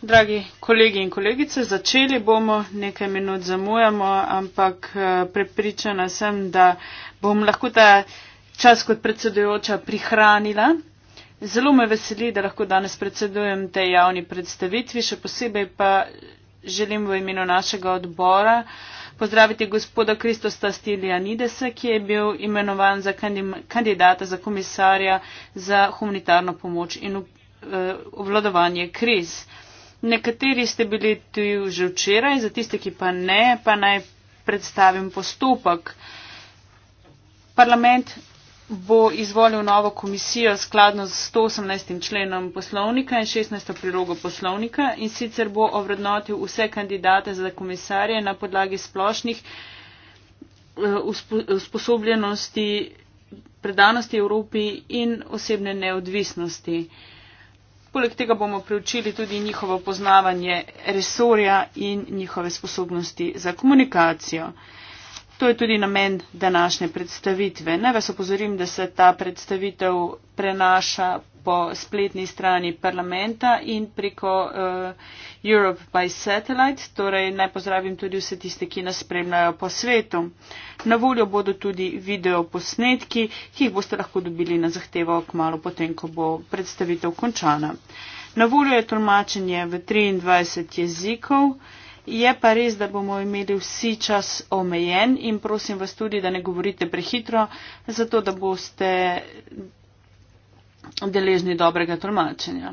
Dragi kolegi in kolegice, začeli bomo, nekaj minut zamujamo, ampak eh, prepričana sem, da bom lahko ta čas kot predsedujoča prihranila. Zelo me veseli, da lahko danes predsedujem tej javni predstavitvi, še posebej pa želim v imenu našega odbora pozdraviti gospoda Kristosta Stilianidesa, ki je bil imenovan za kandidata za komisarja za humanitarno pomoč in uh, obvladovanje kriz. Nekateri ste bili tu že včeraj, za tiste, ki pa ne, pa naj predstavim postopek. Parlament bo izvolil novo komisijo skladno z 118. členom poslovnika in 16. prilogo poslovnika in sicer bo ovrednotil vse kandidate za komisarje na podlagi splošnih eh, usposobljenosti, predanosti Evropi in osebne neodvisnosti. Poleg tega bomo preučili tudi njihovo poznavanje resorja in njihove sposobnosti za komunikacijo. To je tudi namen današnje predstavitve. Naj vas opozorim, da se ta predstavitev prenaša po spletni strani parlamenta in preko uh, Europe by Satellite, torej naj pozdravim tudi vse tiste, ki nas spremljajo po svetu. Na voljo bodo tudi videoposnetki, ki jih boste lahko dobili na zahtevo kmalo potem, ko bo predstavitev končana. Na voljo je tolmačenje v 23 jezikov. Je pa res, da bomo imeli vsi čas omejen in prosim vas tudi, da ne govorite prehitro, zato da boste deležni dobrega tolmačenja.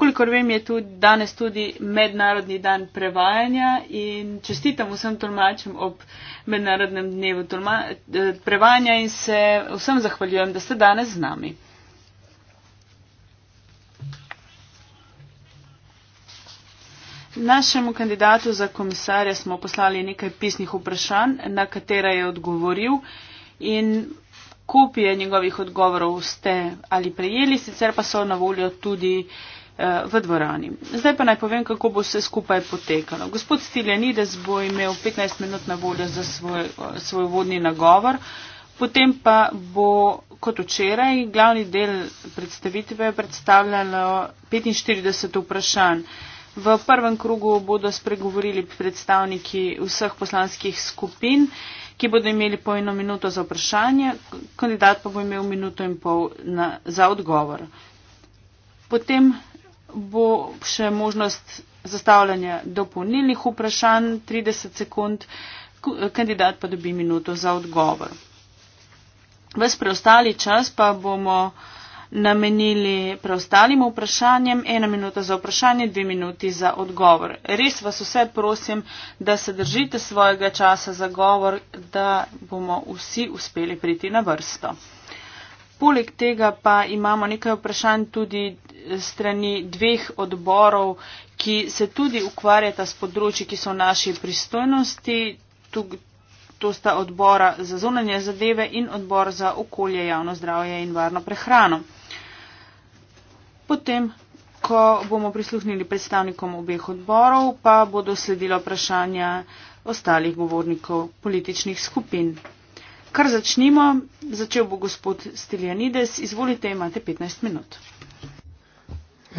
Kolikor vem, je tudi danes tudi mednarodni dan prevajanja in čestitam vsem tolmačem ob mednarodnem dnevu eh, prevajanja in se vsem zahvaljujem, da ste danes z nami. Našemu kandidatu za komisarja smo poslali nekaj pisnih vprašanj, na katera je odgovoril in kopije njegovih odgovorov ste ali prejeli, sicer pa so na voljo tudi eh, v dvorani. Zdaj pa naj povem, kako bo vse skupaj potekalo. Gospod Stiljanides bo imel 15 minut na voljo za svoj, svoj vodni nagovor, potem pa bo kot včeraj glavni del predstavitve predstavljalo 45 vprašanj. V prvem krugu bodo spregovorili predstavniki vseh poslanskih skupin, ki bodo imeli po eno minuto za vprašanje, kandidat pa bo imel minuto in pol na, za odgovor. Potem bo še možnost zastavljanja dopolnilnih vprašanj 30 sekund, kandidat pa dobi minuto za odgovor. Ves preostali čas pa bomo namenili preostalim vprašanjem, ena minuta za vprašanje, dve minuti za odgovor. Res vas vse prosim, da se držite svojega časa za govor, da bomo vsi uspeli priti na vrsto. Poleg tega pa imamo nekaj vprašanj tudi strani dveh odborov, ki se tudi ukvarjata s področji, ki so v naši pristojnosti to sta odbora za zunanje zadeve in odbor za okolje, javno zdravje in varno prehrano. Potem, ko bomo prisluhnili predstavnikom obeh odborov, pa bodo sledila vprašanja ostalih govornikov političnih skupin. Kar začnimo, začel bo gospod Stiljanides, izvolite, imate 15 minut.